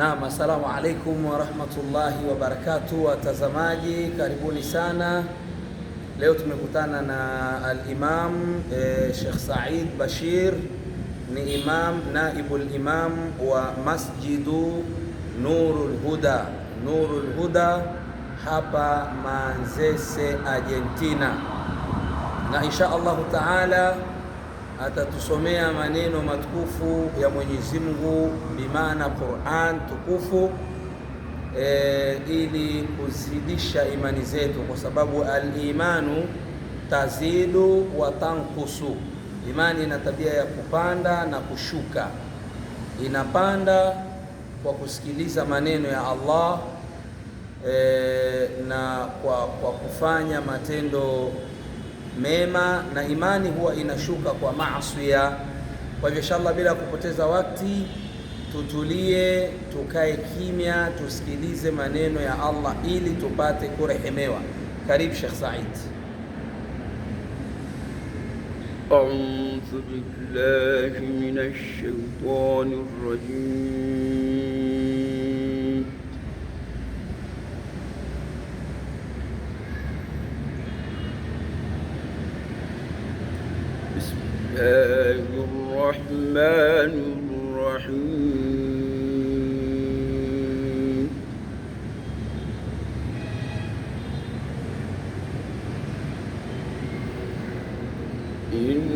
Naam, assalamu alaikum warahmatullahi wabarakatuh, watazamaji karibuni sana. Leo tumekutana na al-Imam eh, Sheikh Said Bashir ni imam naibul imam wa Masjidu Nurul Huda, Nurul Huda hapa Manzese, Argentina, na insha Allahu taala atatusomea maneno matukufu ya Mwenyezi Mungu, bimaana Qur'an tukufu e, ili kuzidisha imani zetu, kwa sababu al-imanu tazidu wa tankusu, imani ina tabia ya kupanda na kushuka. Inapanda kwa kusikiliza maneno ya Allah e, na kwa, kwa kufanya matendo mema na imani huwa inashuka kwa maasi. Kwa hivyo inshallah, bila kupoteza wakati, tutulie, tukae kimya, tusikilize maneno ya Allah ili tupate kurehemewa. Karibu Sheikh Said. A'udhu billahi minash shaitani rrajim الله الرحمن الرحيم إن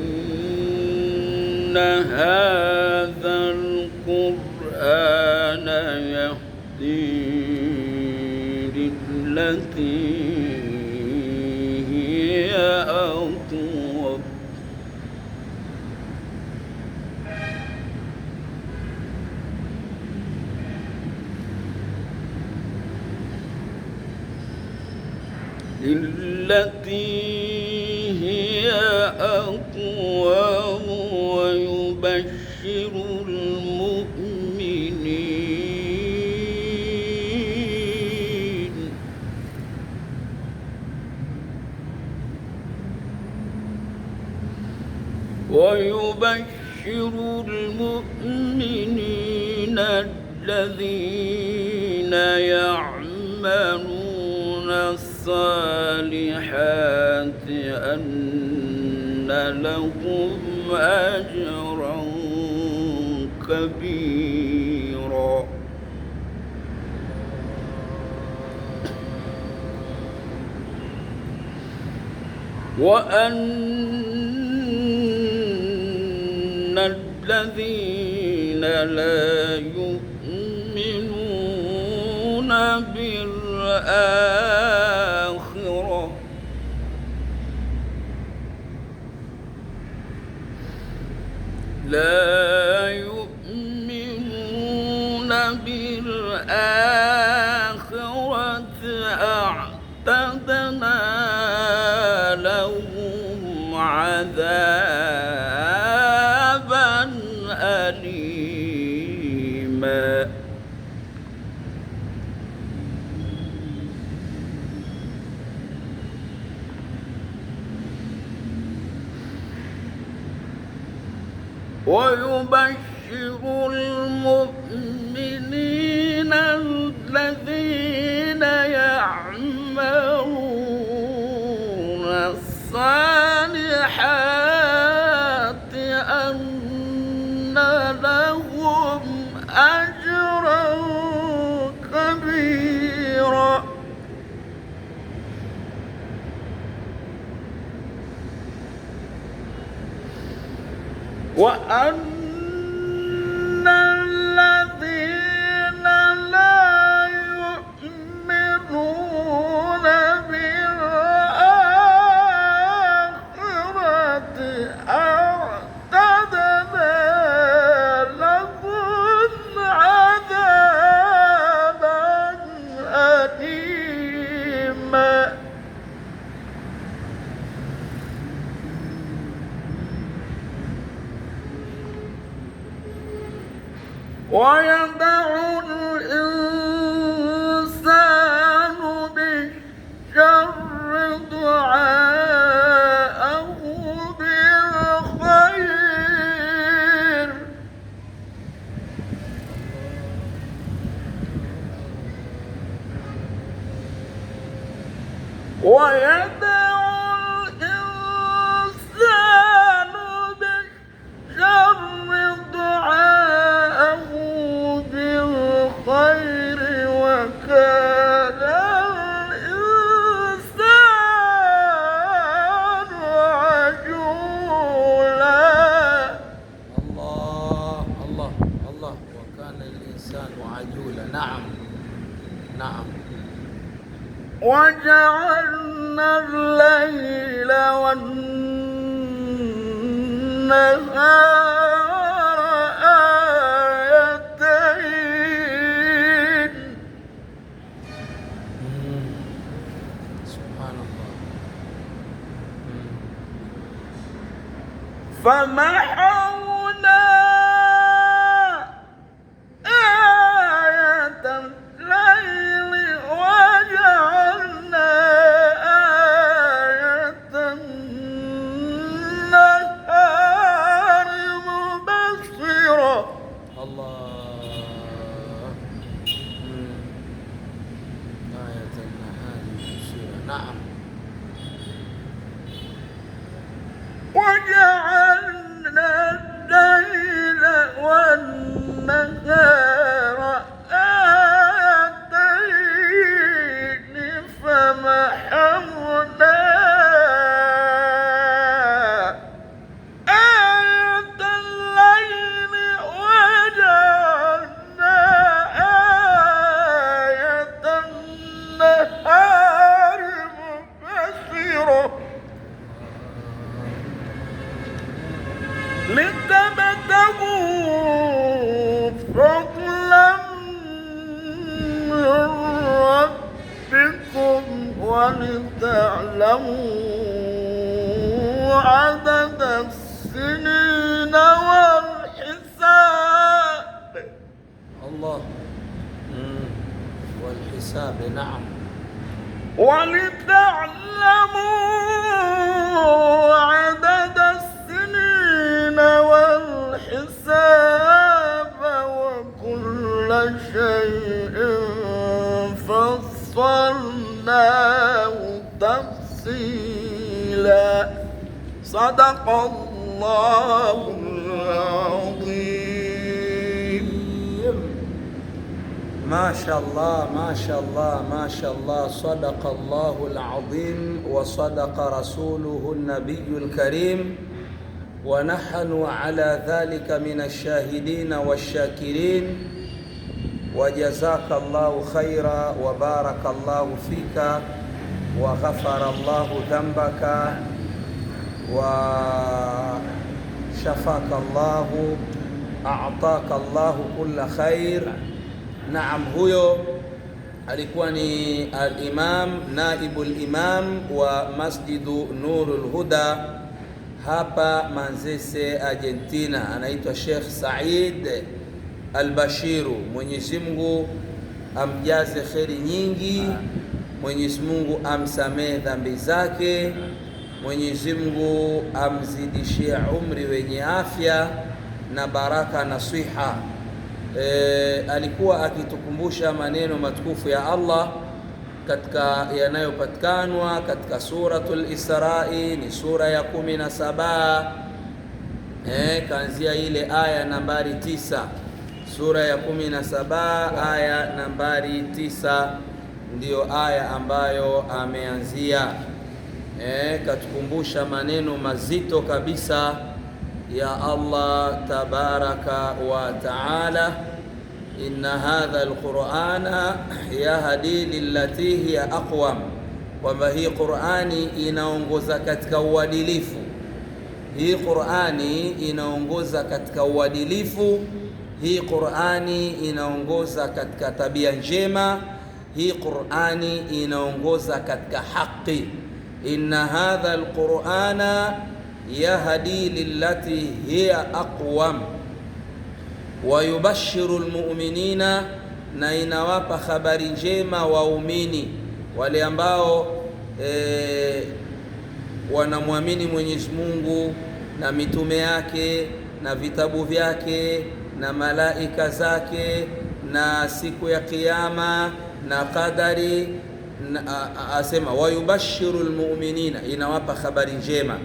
هذا القرآن يهدي للتي يبشر المؤمنين ويبشر المؤمنين الذين يعملون الصالحات أن لهم أجرا كبيرا وأن الذين لا يؤمنون بالآخرة ويبشر المؤمنين الذين What? I'm دعائي فما عدد السنين والحساب الله والحساب نعم ولتعلموا عدد السنين والحساب وكل شيء فصلناه تفصيلا صدق الله العظيم ما شاء الله ما شاء الله ما شاء الله صدق الله العظيم وصدق رسوله النبي الكريم ونحن على ذلك من الشاهدين والشاكرين وجزاك الله خيرا وبارك الله فيك wa ghafara Allahu dhambaka wa shafaka Allahu ataka Allahu kulla khair. Naam, huyo alikuwa ni al-imam naibu limam wa masjidu Nurul lhuda hapa Manzese, Argentina, anaitwa Sheikh Said Albashiru. Mwenyezi Mungu amjaze kheri nyingi. Mwenyezi Mungu amsamehe dhambi zake, Mwenyezi Mungu amzidishie umri wenye afya na baraka na siha. E, alikuwa akitukumbusha maneno matukufu ya Allah katika yanayopatikanwa katika Suratul Israi, ni sura ya kumi na saba e, kaanzia ile aya nambari tisa, sura ya kumi na saba aya nambari tisa ndiyo aya ambayo ameanzia e, katukumbusha maneno mazito kabisa ya Allah tabaraka wa taala, inna hadha alqur'ana yahdi lillati hiya aqwam, kwamba hii Qur'ani inaongoza katika uadilifu. Hii Qur'ani inaongoza katika uadilifu. Hii Qur'ani inaongoza katika tabia njema hii Qur'ani inaongoza katika haki. Inna hadha alqur'ana yahdi lillati hiya aqwam wa yubashiru almu'minina, na inawapa habari njema waumini wale ambao e, wanamwamini Mwenyezi Mungu na mitume yake na vitabu vyake na malaika zake na siku ya Kiyama na qadari na, asema wayubashiru lmuminina, inawapa habari njema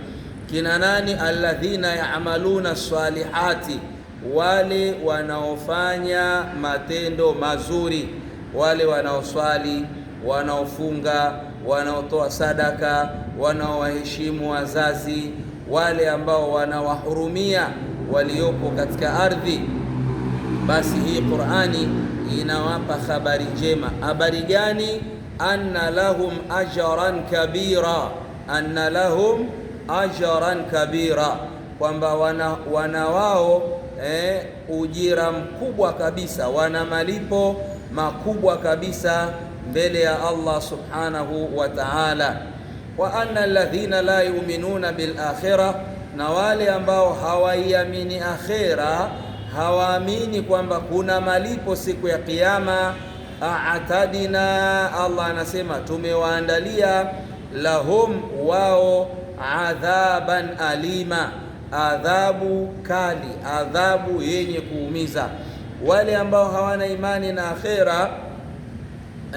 kina nani? Alladhina yamaluna salihati, wale wanaofanya matendo mazuri, wale wanaoswali, wanaofunga, wanaotoa sadaka, wanaowaheshimu wazazi, wale ambao wanawahurumia waliopo katika ardhi. Basi hii Qur'ani inawapa habari njema. Habari gani? Anna lahum ajran kabira, anna lahum ajran kabira, kwamba wana, wana wao eh, ujira mkubwa kabisa, wana malipo makubwa kabisa mbele ya Allah subhanahu wa ta'ala. Wa anna alladhina la yu'minuna bil akhirah, na wale ambao hawaiamini akhira hawaamini kwamba kuna malipo siku ya Kiyama. Aatadina, Allah anasema tumewaandalia lahum, wao adhaban alima, adhabu kali, adhabu yenye kuumiza wale ambao hawana imani na akhira.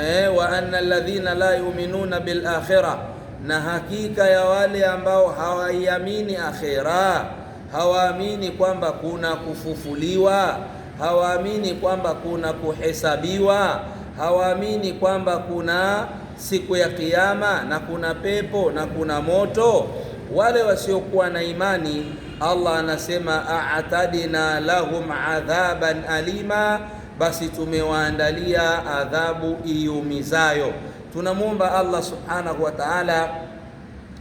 eh, wa anna alladhina la yuminuna bil akhira, na hakika ya wale ambao hawaiamini akhira hawaamini kwamba kuna kufufuliwa, hawaamini kwamba kuna kuhesabiwa, hawaamini kwamba kuna siku ya Kiyama na kuna pepo na kuna moto. Wale wasiokuwa na imani, Allah anasema atadina lahum adhaban alima, basi tumewaandalia adhabu iumizayo. Tunamwomba Allah subhanahu wa ta'ala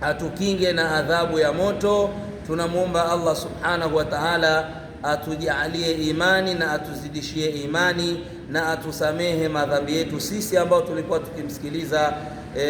atukinge na adhabu ya moto tunamwomba Allah subhanahu wa ta'ala atujalie imani na atuzidishie imani na atusamehe madhambi yetu sisi ambao tulikuwa tukimsikiliza e,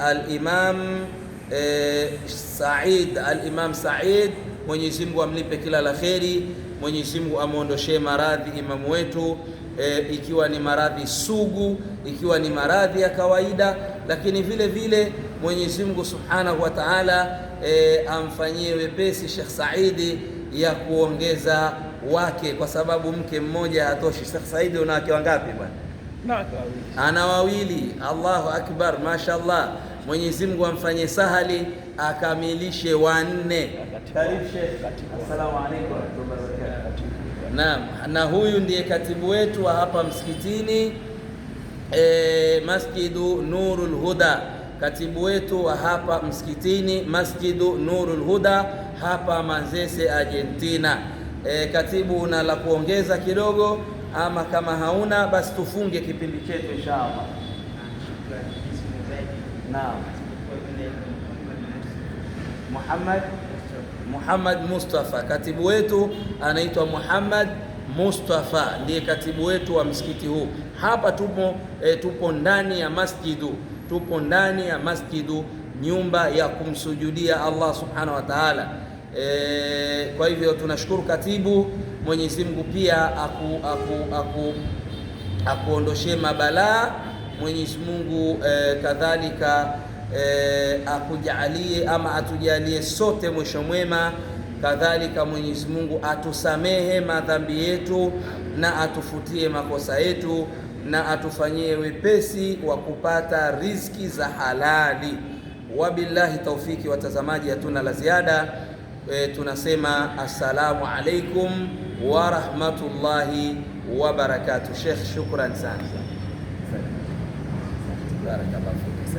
al-Imam e, Said al-Imam Said, Mwenyezi Mungu amlipe kila la kheri, Mwenyezi Mungu amwondoshee maradhi imamu wetu e, ikiwa ni maradhi sugu, ikiwa ni maradhi ya kawaida, lakini vile vile Mwenyezi Mungu Subhanahu wa Ta'ala e, amfanyie wepesi Sheikh Saidi ya kuongeza wake, kwa sababu mke mmoja hatoshi. Sheikh Saidi, una wake wangapi bwana? Ana wawili. Allahu akbar, mashaallah. Mwenyezi Mungu amfanyie sahali akamilishe wanne. Karibu Sheikh. Assalamu alaykum Naam, na huyu ndiye katibu wetu wa hapa msikitini e, Masjidu Nurul Huda katibu wetu wa hapa msikitini Masjidu Nurul Huda hapa Manzese, Argentina. E, katibu una la kuongeza kidogo, ama kama hauna basi tufunge kipindi chetu inshallah. Muhammad Muhammad Mustafa, katibu wetu anaitwa Muhammad Mustafa, ndiye katibu wetu wa msikiti huu hapa. Tupo e, tupo ndani ya masjidu tupo ndani ya masjidu, nyumba ya kumsujudia Allah subhanahu wa ta'ala. E, kwa hivyo tunashukuru katibu, Mwenyezi Mungu pia aku, aku, aku akuondoshe mabalaa Mwenyezi Mungu e, kadhalika e, akujalie ama atujalie sote mwisho mwema. Kadhalika Mwenyezi Mungu atusamehe madhambi yetu na atufutie makosa yetu na atufanyie wepesi wa kupata riziki za halali. Wabillahi taufiki. Watazamaji, hatuna la ziada e, tunasema assalamu alaikum wa rahmatullahi wa barakatuh. Sheikh, shukran sana.